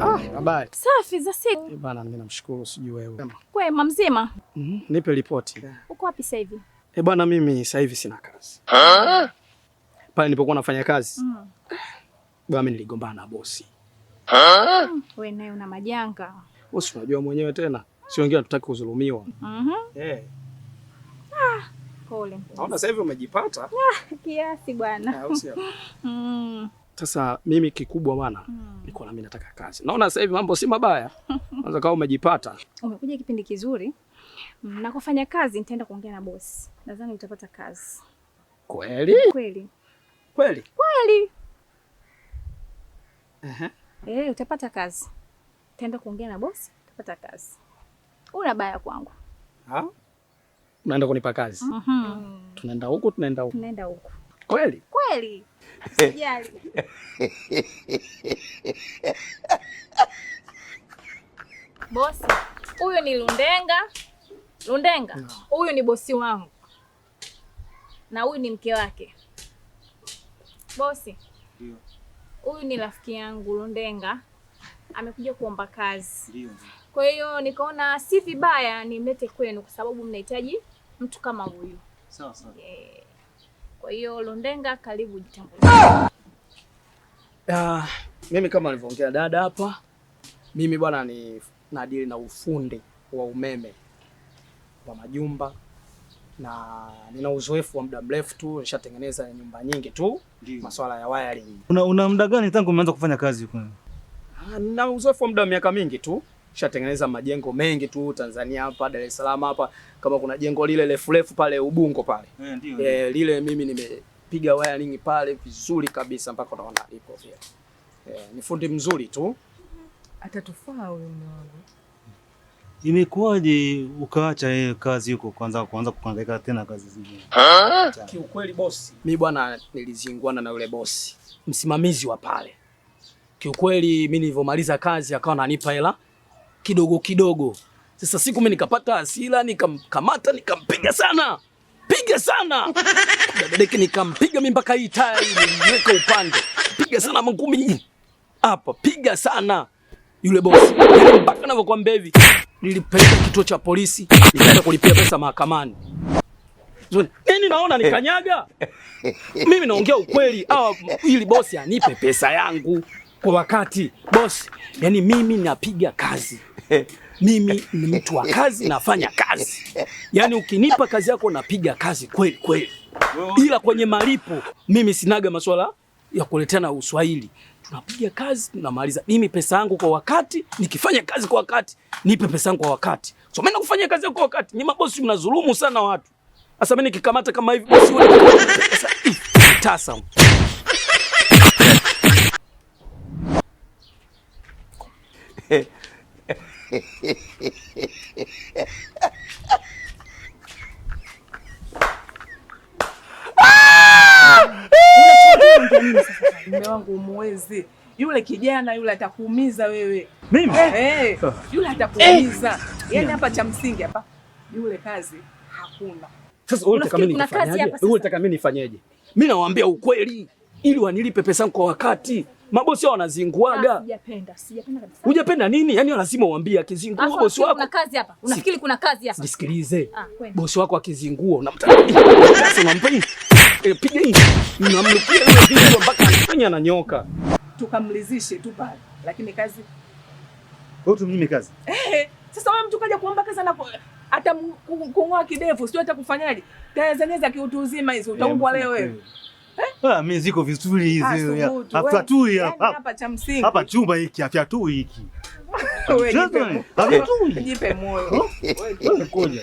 Ah, habari. Safi za siku. Eh, bana mimi namshukuru sijui wewe. Kwema mzima? Mhm, mm nipe ripoti. Uko wapi sasa hivi? Eh, bana mimi sasa hivi sina kazi. Ah? Pale nilipokuwa nafanya kazi. Mm. Eh, bwana mimi niligombana na bosi. Ah? Mm, wewe naye una majanga. Wewe unajua mwenyewe tena. Si wengine hatutaki kudhulumiwa. Mhm. Mm eh. Naona sasa hivi umejipata ah, kiasi bwana. Ah, mm. Sasa mimi kikubwa bwana, mm. niko mimi nataka kazi. Naona sasa hivi mambo si mabaya. Kwanza kama umejipata. Umekuja kipindi kizuri. Mm, na kufanya kazi nitaenda kuongea na bosi. Nadhani utapata kazi. Kweli? Kweli. Kweli? Kweli. -huh. Eh, utapata kazi. Nitaenda kuongea na bosi, utapata kazi. Una baya kwangu. Ah? unaenda kunipa kazi mm -hmm. Tunaenda huku tunaenda huku tunaenda huku kweli kweli, sijali bosi. Huyu ni Lundenga, Lundenga huyu no. Ni bosi wangu na huyu ni mke wake bosi. Huyu ni rafiki yangu Lundenga, amekuja kuomba kazi. Kwa hiyo nikaona si vibaya nimlete kwenu, kwa sababu mnahitaji mtu kama huyu. Sawa sawa. Yeah. Kwa hiyo Londenga, karibu jitambulishe. Ah, mimi kama alivyoongea dada hapa, mimi bwana ni nadili na ufundi wa umeme wa majumba na nina uzoefu wa muda mrefu tu, nishatengeneza nyumba nyingi tu, masuala ya wiring. Una, una muda gani tangu umeanza kufanya kazi huko? Ah, nina uzoefu wa muda miaka mingi tu shatengeneza majengo mengi tu Tanzania hapa Dar es Salaam hapa, kama kuna jengo lile refu refu pale Ubungo pale e, ndio, e, lile mimi nimepiga wiring pale vizuri kabisa mpaka unaona ipo pia E, ni fundi mzuri tu atatufaa huyu mwanangu. Imekuwaje ukaacha hiyo kazi huko kwanza kuanza kukangaika tena kazi zingine? Kiukweli bosi, mimi bwana nilizinguana na yule bosi msimamizi wa pale. Kiukweli mimi nilivyomaliza kazi akawa ananipa hela kidogo kidogo. Sasa siku mimi nikapata hasira, nikamkamata, nikampiga sana, piga sana dadadeki, nikampiga mimi mpaka hii taya hii upande, piga sana mangumi hapa, piga sana yule bosi mpaka navyokwambia hivi, nilipeleka kituo cha polisi, nikaenda kulipia pesa mahakamani. Nini naona nikanyaga mimi, naongea ukweli. Hawa ili bosi anipe pesa yangu kwa wakati bosi. Yani mimi napiga kazi, mimi ni mtu wa kazi, nafanya kazi. Yani ukinipa kazi yako napiga kazi kweli kweli, ila kwenye malipo mimi sinaga masuala ya kuletea na uswahili. Tunapiga kazi tunamaliza. Mimi pesa yangu kwa wakati, nikifanya kazi kwa wakati nipe pesa yangu kwa wakati. So mimi nakufanyia kazi kwa wakati. Ni mabosi mnazulumu sana watu. Sasa mimi nikikamata kama hivi bosi wewe. Sasa tasa Mume wangu mwezi yule kijana yule atakuumiza wewe. Mimi? Eh, eh. yule atakuumiza. Eh. Yaani hapa cha msingi hapa yule kazi hakuna. Sasa wewe unataka mimi nifanyeje? Wewe unataka mimi nifanyeje? Mimi nawaambia ukweli ili wanilipe pesa kwa wakati mabosi wao wanazinguaga. Ah, sijapenda, sijapenda kabisa. Hujapenda nini? Yaani lazima uambie akizingua bosi wako. Kuna kazi hapa. Unafikiri kuna kazi hapa? Nisikilize. Ah, bosi wako akizingua unamtaka. Sasa unampa nini? Eh, piga hii. Unamlipia ile kitu mpaka anafanya na nyoka. Tukamlizishe tu pale. Lakini kazi wewe tumnyime kazi. Eh, sasa wewe mtu kaja kuomba kazi na hata kung'oa kidevu, sio hata kufanyaje? Tanzania za kiutu uzima hizo utaungwa leo wewe. Ah, mimi ziko vizuri hizi. Hapa tu hapa Hapa cha msingi. Hapa chumba hiki afya tu hiki. Jipe moyo. Wewe koja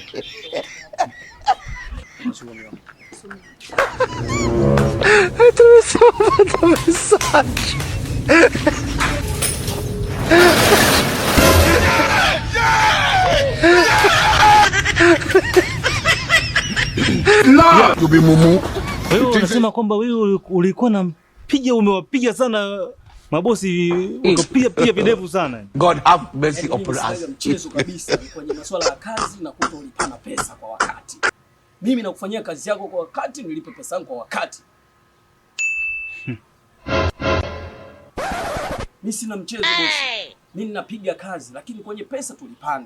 unasema kwamba wewe ulikuwa mpiga umewapiga sana mabosi ukapiga pia videvu sana. God have mercy yaani upon us. kabisa kwenye masuala ya kazi na kutolipana pesa kwa wakati. Mimi nakufanyia kazi yako kwa wakati, nilipe pesa yangu kwa wakati. Mimi sina mchezo bosi. Mimi ninapiga kazi lakini kwenye pesa tulipane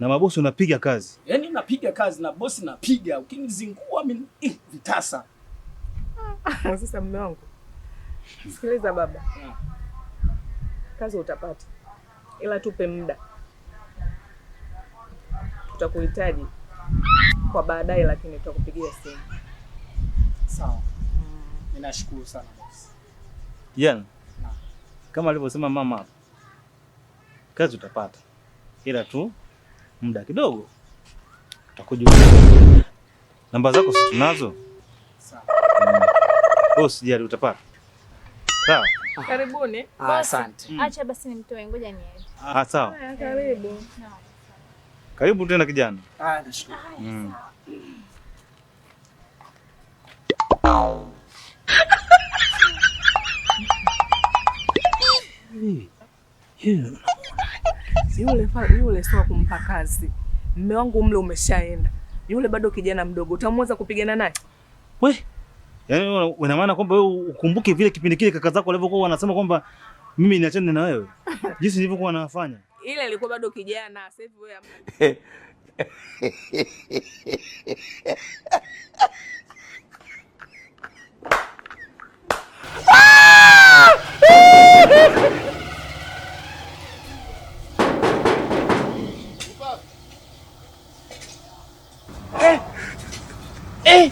na mabosi unapiga kazi. Yaani napiga kazi na bosi napiga, ukinizingua mimi eh, vitasa. Ah, sasa mume wangu. Sikiliza baba. Kazi utapata. Ila tupe muda. Tutakuhitaji kwa baadaye, lakini tutakupigia simu. Sawa. Ninashukuru sana bosi. Jana kama alivyosema mama, kazi utapata ila tu muda kidogo takuja. Namba zako si tunazo, hmm. Sawa. usijali utapata. Sawa, karibuni. Ah, asante. Hmm. Acha basi nimtoe, ngoja niende. Ah, sawa. Karibu. Hmm. Karibu tena kijana. Ah, nashukuru. Mm yule yule sio kumpa kazi. Mme wangu mle umeshaenda, yule bado kijana mdogo, utamweza kupigana naye we? Yaani una maana kwamba wewe ukumbuke vile kipindi kile kaka zako walivyokuwa wanasema kwamba mimi niachane na wewe jinsi nilivyokuwa nafanya. Ile ilikuwa bado kijana, sasa hivi wewe Eh.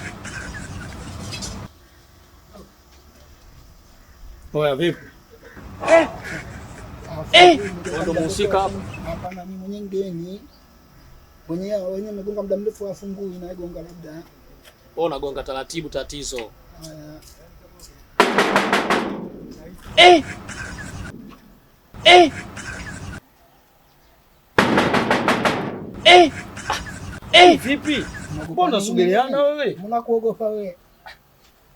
Oya vipi? Eh. Eh. Ndio mhusika hapa. Hapana, mimi mwenyewe ngeni. Mwenyewe wenye amegonga muda mrefu afungui na gonga labda. Wewe unagonga taratibu tatizo. Eh. Eh. Eh. Eh. Vipi? Mbona unasogeleana wewe? Mbona kuogopa wewe.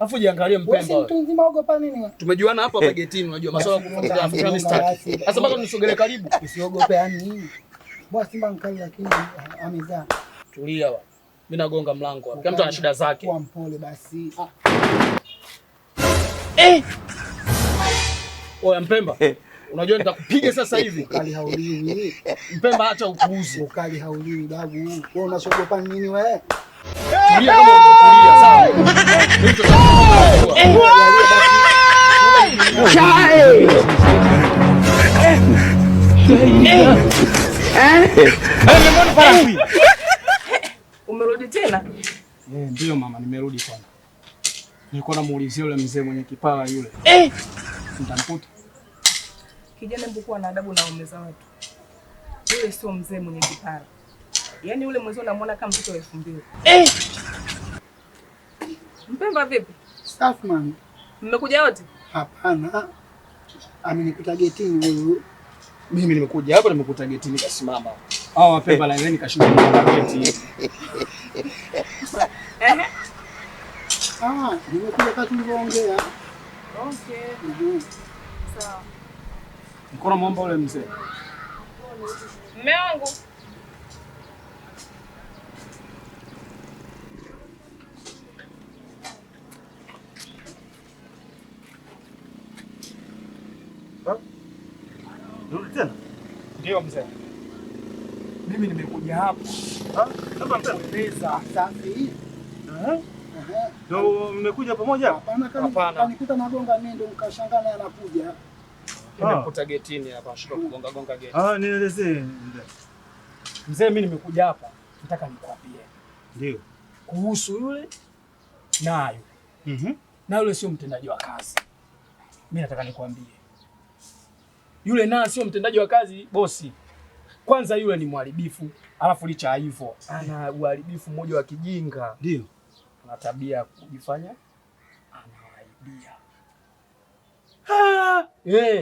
Afu jiangalie mpemba. Wewe mtu mzima ogopa nini? Tumejuana hapa hapa getini unajua masuala ya kufunga afu kama mistaki. Sasa bado nisogele karibu. Usiogope yani nini? Bwana Simba mkali lakini amezaa. Tulia wa. Mimi nagonga mlango hapa. Kila mtu ana shida zake. Kwa mpole basi. Ah. Eh! Oya mpemba. Unajua nitakupiga sasa hivi. Ukali hauliwi. Mpemba acha upuuzi. Ukali hauliwi dagu, Wewe unasogopa nini wewe? Umerudi tena? Eh, ndio mama, nimerudi kwanza. Nilikuwa namuulizia yule mzee mwenye kipawa yule. Eh. Nitamkuta. Kijana, hebu kuwa na adabu na waume za watu. Yule sio mzee mwenye kipara, yaani yule mwenzio unamwona kama mtoto wa elfu mbili. Eh! Mpemba vipi? Safi mama. Mmekuja wote? Hapana, amenikuta getini huyu. Mimi nimekuja hapa, nimekuta getini kasimama. Hao Wapemba la nini kashinda geti? Eh? Ah, nimekuja kati ulivyoongea. Okay. Mhm. Sawa. Kuna muomba ule mzee mume wangu Ndio mzee, mimi nimekuja hapa kueleza safi Ndio mmekuja pamoja? Hapana, kanikuta nagonga mimi, ndio mkashangaa anakuja. Ah. nimekuta getini hapa, shika kugonga gonga geti. Ah, nielezee mzee, mimi nimekuja hapa, nataka nikwambie ndio kuhusu yule nayo na mhm. yule na yule sio mtendaji wa kazi. Mimi nataka nikwambie yule na sio mtendaji wa kazi bosi. Kwanza yule ni mharibifu, alafu licha hivyo ana uharibifu mmoja wa kijinga, ndio ana tabia ya kujifanya anawaibia. Hey, ah!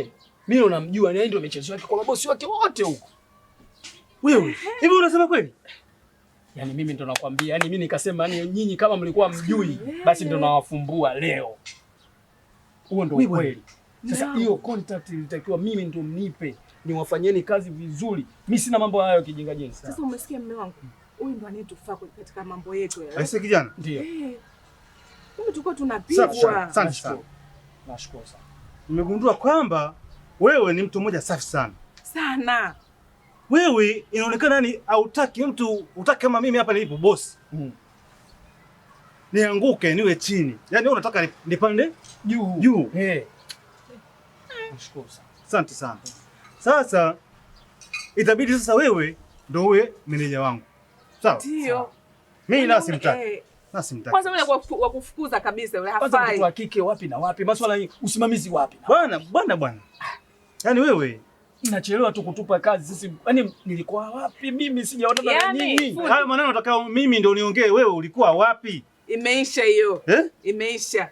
eh! Mimi unamjua ni yeye ndio michezo yake kwa mabosi wake wote huko. Wewe, hivi unasema kweli? Yaani mimi ndo nakwambia, yaani mimi nikasema yaani nyinyi kama mlikuwa mjui basi ndo nawafumbua leo. Huo ndo kweli. Sasa hiyo contract ilitakiwa mimi ndo mnipe, niwafanyeni kazi vizuri. Mimi sina mambo hayo kijinga jinsi. Sasa umesikia mume wangu? Huyu ndo anayetufaa katika mambo yetu yale. Aisee kijana? Ndio. Mimi tulikuwa tunapigwa. Asante sana. Nashukuru sana. Nimegundua kwamba wewe ni mtu mmoja safi sana sana. Wewe inaonekana ni hautaki mtu utaki kama mimi hapa nilipo bosi mm. nianguke niwe chini, yaani wewe unataka nipande juu juu. Eh, nashukuru sana, asante sana. Sasa itabidi sasa wewe ndio uwe meneja wangu, sawa? Ndio mimi la simtaki wakufukuza kabisa. Yule hafai. Mtu wa kike wapi na wapi? Masuala usimamizi wapi? Bwana bwana bwana Yaani wewe nachelewa tu kutupa kazi sisi. Yaani nilikuwa wapi mimi? Sijaona yani, nini? Hayo maneno nataka mimi ndio niongee, wewe ulikuwa wapi? Imeisha hiyo eh? Imeisha.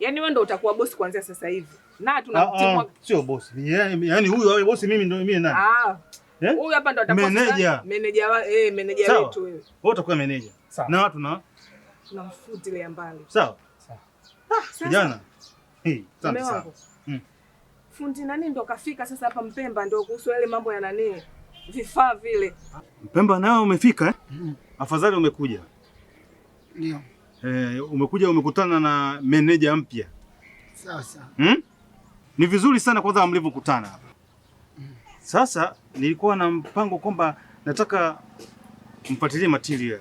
Yaani wewe ndio utakuwa bosi kuanzia sasa hivi. Na tunakutimwa. Ah, ah, sio bosi. Yaani, yaani huyu awe bosi mimi ndio mimi nani? Ah. Eh? Huyu hapa ndio atakuwa meneja. Meneja wa eh, meneja wetu wewe. Wewe utakuwa meneja. Sawa. Na watu na tunamfutilia mbali. Sawa? Sawa. Ah, kijana. Eh, sawa fundi nani ndo kafika sasa hapa Mpemba, ndo kuhusu yale mambo ya nani vifaa vile. Mpemba nao umefika eh? Mm. Afadhali umekuja ndio. Eh, umekuja umekutana na meneja mpya sasa. Hmm? Ni vizuri sana kwanza mlivyokutana hapa. Mm. Sasa nilikuwa na mpango kwamba nataka mpatilie material.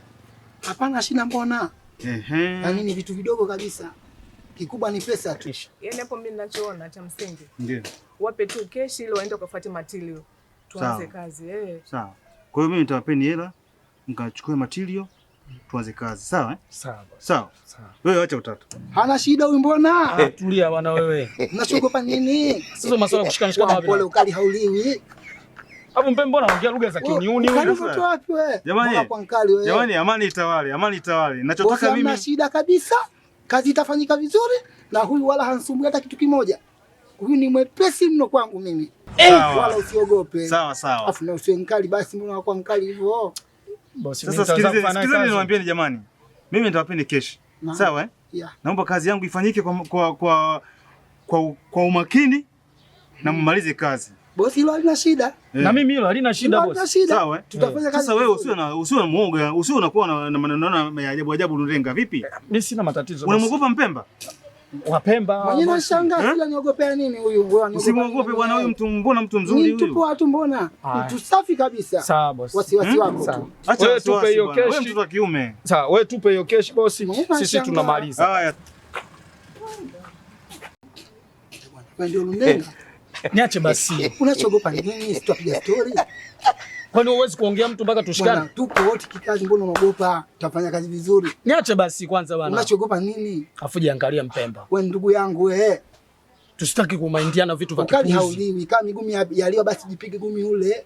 Hapana, shida mbona? Ehe. Yaani ni vitu vidogo kabisa kikubwa ni pesa tu. Yaani hapo mimi ninachoona cha msingi. Ndio. Wape tu cash ili waende kufuata matilio. Tuanze kazi eh. Sawa. Kwa hiyo mimi nitawapeni hela mkachukue matilio tuanze kazi. Sawa eh? Sawa. Sawa. Wewe acha utatu. Hana shida huyu mbona? Ah, tulia bwana wewe. Unachogopa nini? Sasa masuala kushikana shikana wapi? Pole ukali hauliwi. Hapo mbe mbona anaongea lugha za huyo? kinyuni wewe? Jamani, jamani amani itawale, amani itawale. Ninachotaka mimi. Hana shida kabisa kazi itafanyika vizuri, na huyu wala hansumbui hata kitu kimoja. Huyu ni mwepesi mno kwangu mimi, eh. wala usiogope. Sawa sawa, afu na usiwe mkali. Basi mbona wako mkali hivyo? Sasa niwaambie ni jamani, mimi nitawapeni keshi, sawa eh? Yeah. Naomba kazi yangu ifanyike kwa, kwa, kwa, kwa, kwa umakini na hmm. mmalize kazi Bosi hilo halina shida. Yeah. Na eh. mimi hilo halina shida bosi. Halina shida. Sawa. Eh. Tutafanya yeah. kazi. Sasa wewe usiwe na usiwe na muoga, usiwe unakuwa na na maneno na ajabu ajabu unalenga vipi? Eh, mimi sina matatizo. Unamwogopa Mpemba? Wapemba. Mwenye nashangaa bila niogopea nini huyu bwana? Usimwogope bwana huyu mtu mbona mtu mzuri huyu. Mtu poa tu mbona? Mtu safi kabisa. Sawa bosi. Wasiwasi hmm? wako tu. Acha tupe hiyo keshi. Wewe mtu wa kiume. Sawa, wewe tupe hiyo keshi bosi. Sisi tunamaliza. Haya. Ndio Lundenga. Niache basi. Unachogopa nini? Tutapiga story. Kwani huwezi kuongea mtu mpaka tushikane? Bwana, Tuko wote kikazi, mbona unaogopa? Tutafanya kazi vizuri. Niache basi kwanza bwana. Unachogopa nini? Afu jiangalia Mpemba. Wewe ndugu yangu eh. Tusitaki kumaindiana vitu vya kipuzi. Kali hauliwi, kama migumi yaliwa basi jipige gumi ule.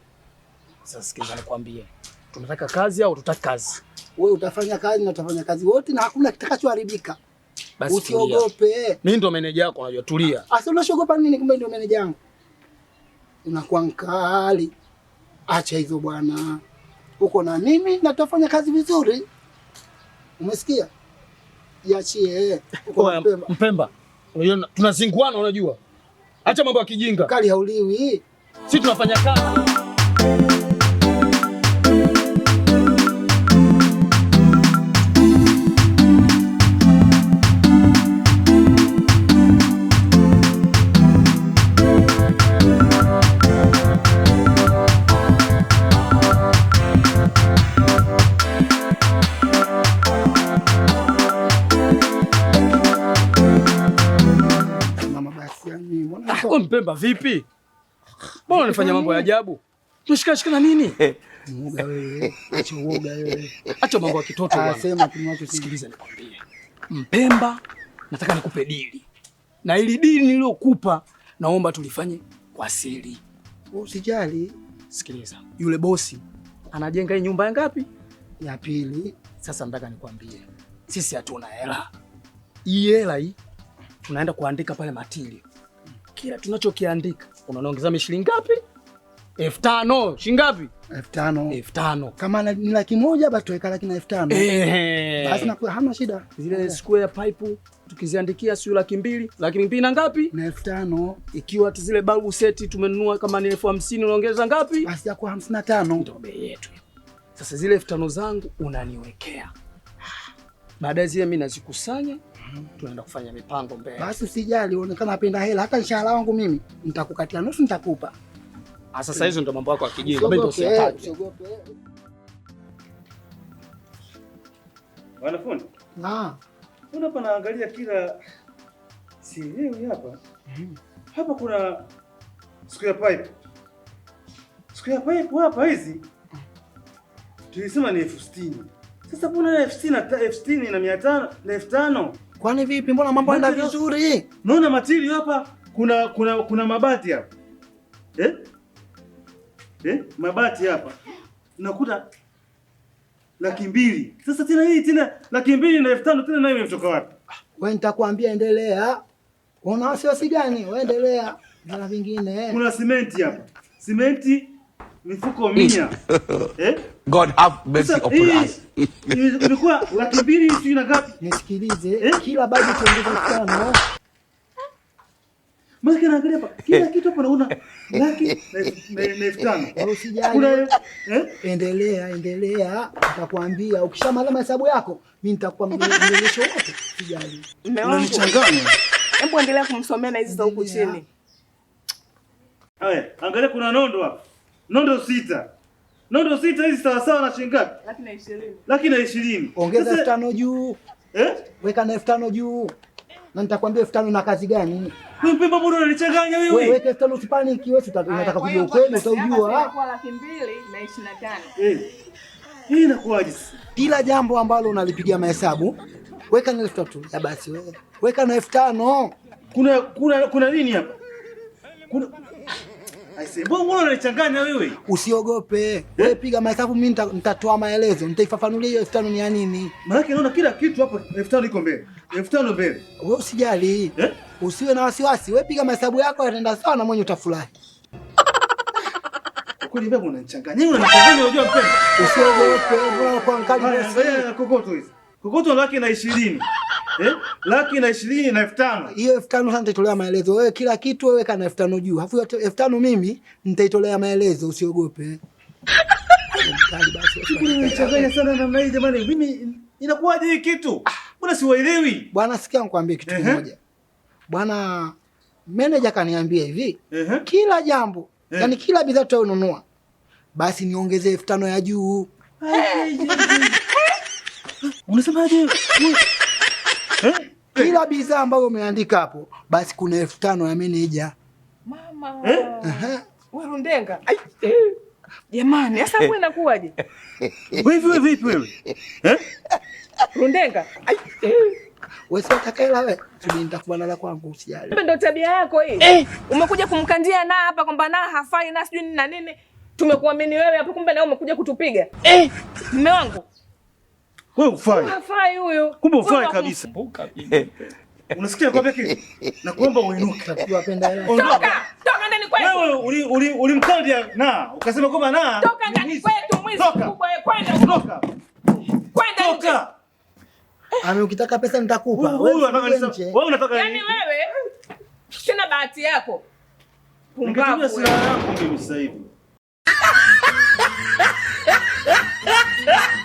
Sasa sikiza nikwambie. Tunataka kazi au tutaki kazi? Wewe utafanya kazi na utafanya kazi wote na hakuna kitakachoharibika. Basi usiogope. Mimi ndo meneja yako unajua, tulia. Asa ah, unashogopa nini kumbe ndio meneja yangu? Unakuwa mkali. Acha hizo bwana. Uko na mimi na tutafanya kazi vizuri. Umesikia? Yachie. Uko Mpemba. Mpemba. Unajua tunazinguana unajua. Acha mambo ya kijinga. Kali hauliwi. Sisi tunafanya kazi. Mpemba vipi? Mbona unafanya mambo ya ajabu? Unashikashika na nini? Muoga eh. wewe, acha uoga wewe. Acha mambo ya kitoto bwana. Sema kinywacho sikiliza nikwambie. Mpemba, nataka nikupe dili. Na ili dili nilokupa naomba tulifanye kwa siri. Usijali. Sikiliza. Yule bosi anajenga hii nyumba ngapi? Ya pili. Sasa nataka nikwambie. Sisi hatuna hela. Hii hela hii tunaenda kuandika pale matili kila tunachokiandika unaongeza shilingi ngapi? elfu tano. Shilingi ngapi? elfu tano. Elfu tano. Kama ni laki moja basi tuweka laki na elfu tano. Eh. Basi nakuwa hamna shida. Zile square pipe tukiziandikia sio laki mbili, laki mbili na ngapi? Na elfu tano. Ikiwa zile balbu seti tumenunua kama ni elfu hamsini unaongeza ngapi? Basi ya kwa hamsini na tano. Ndio bei yetu. Sasa zile elfu tano zangu unaniwekea. Ah, baadaye zile mimi nazikusanya tunaenda kufanya mipango mbele. Basi usijali, uonekana apenda hela, hata mshahara wangu mimi nitakukatia nusu, nitakupa. Sasa hizo ndo mambo yako ya kijiji, usiogope. Wanafundi? Naam. Mbona hapa naangalia kila sielewi hapa. Mm. Hapa kuna square pipe. Square pipe hapa hizi tulisema ni elfu sitini. Sasa mbona elfu na elfu sitini na mia tano na elfu tano Kwani vipi? Mbona mambo yanaenda vizuri? Naona matili hapa kuna kuna kuna mabati hapa. Eh? Eh? Mabati hapa. Nakuta laki mbili. Sasa tena hii tena laki mbili na elfu tano tena nayo imetoka wapi? Ah, wewe nitakwambia endelea. Una wasiwasi gani? Endelea. Kuna vingine. Kuna simenti hapa. Simenti mifuko eh? God have mercy upon eh, us. Ilikuwa laki mbili sijui na ngapi. Nisikilize eh? Kila bado tuongeza tano. Maki hapa kila eh. kitu naona laki na elfu tano. Usijali. Eh? Endelea, endelea. Nitakwambia ukishamaliza yako mimi nitakupa wote. Usijali. Unanichanganya. Hebu endelea kumsomea na za huku chini. Haya, angalia kuna nondo hapa nondo sita nondo sita hizi sawasawa na shilingi ngapi? Laki na ishirini. Laki na ishirini. Ongeza elfu tano juu eh? Weka na elfu tano juu na nitakwambia elfu tano na kazi gani? Mpimba bado unanichanganya wewe. Wewe weka elfu tano usipaniki, wewe unataka kujua ukweli utaujua. na ishirini eh. Hii inakuwaje sasa? Kila jambo ambalo unalipigia mahesabu weka na elfu tatu ya basi wewe. Weka na elfu tano. Kuna kuna kuna nini hapa? Kuna unachanganya wewe. Usiogope wewe, eh? piga mahesabu, mimi nitatoa maelezo, nitaifafanulia hiyo elfu tano ni ya nini. Maana naona kila kitu hapa elfu tano iko mbele, elfu tano mbele. Wewe usijali, eh? usiwe na wasiwasi, wewe piga mahesabu yako, yataenda sawa na mwenye utafurahi. Usiogope kokoto laki na 20. Eh? laki na ishirini na elfu tano hiyo elfu tano sasa nitaitolea maelezo. Wewe kila kitu weweka na elfu tano juu, alafu elfu tano mimi nitaitolea maelezo, usiogope. Changanya sana namna hii jamani, mimi inakuwaje hii kitu? Mbona siwaelewi bwana. Sikia nikwambie kitu kimoja bwana, meneja kaniambia hivi kila jambo, yaani kila bidhaa tutanunua, basi niongeze elfu tano ya juu. Unasemaje? kila bidhaa ambayo umeandika hapo, basi kuna elfu tano ya meneja mama. Eh? Warundenga eh. jamani, sasa wewe inakuwaje? Vipi wewe vipi wewe eh? Rundenga eh. la kwangu usijali, ndio tabia yako hii eh. Umekuja kumkandia na hapa kwamba na hafai na sijui na nini, tumekuamini wewe hapo, kumbe na umekuja kutupiga eh. Mume wangu wewe ufai. Hafai huyo. Kumbe ufai kabisa. Eh. Unasikia kwa beki? Nakuomba uinuke. Unapenda hela. Toka. Toka ndani kwetu. Wewe uli uli ulimtaja na ukasema kwamba na. Toka ndani kwetu mwizi mkubwa wewe eh, kwenda. Toka. Kwenda. Toka. Ame ukitaka pesa nitakupa. Wewe unataka yaani nini? wewe unataka nini? yaani wewe sina bahati yako. Pumbavu. Silaha yako mimi sasa hivi.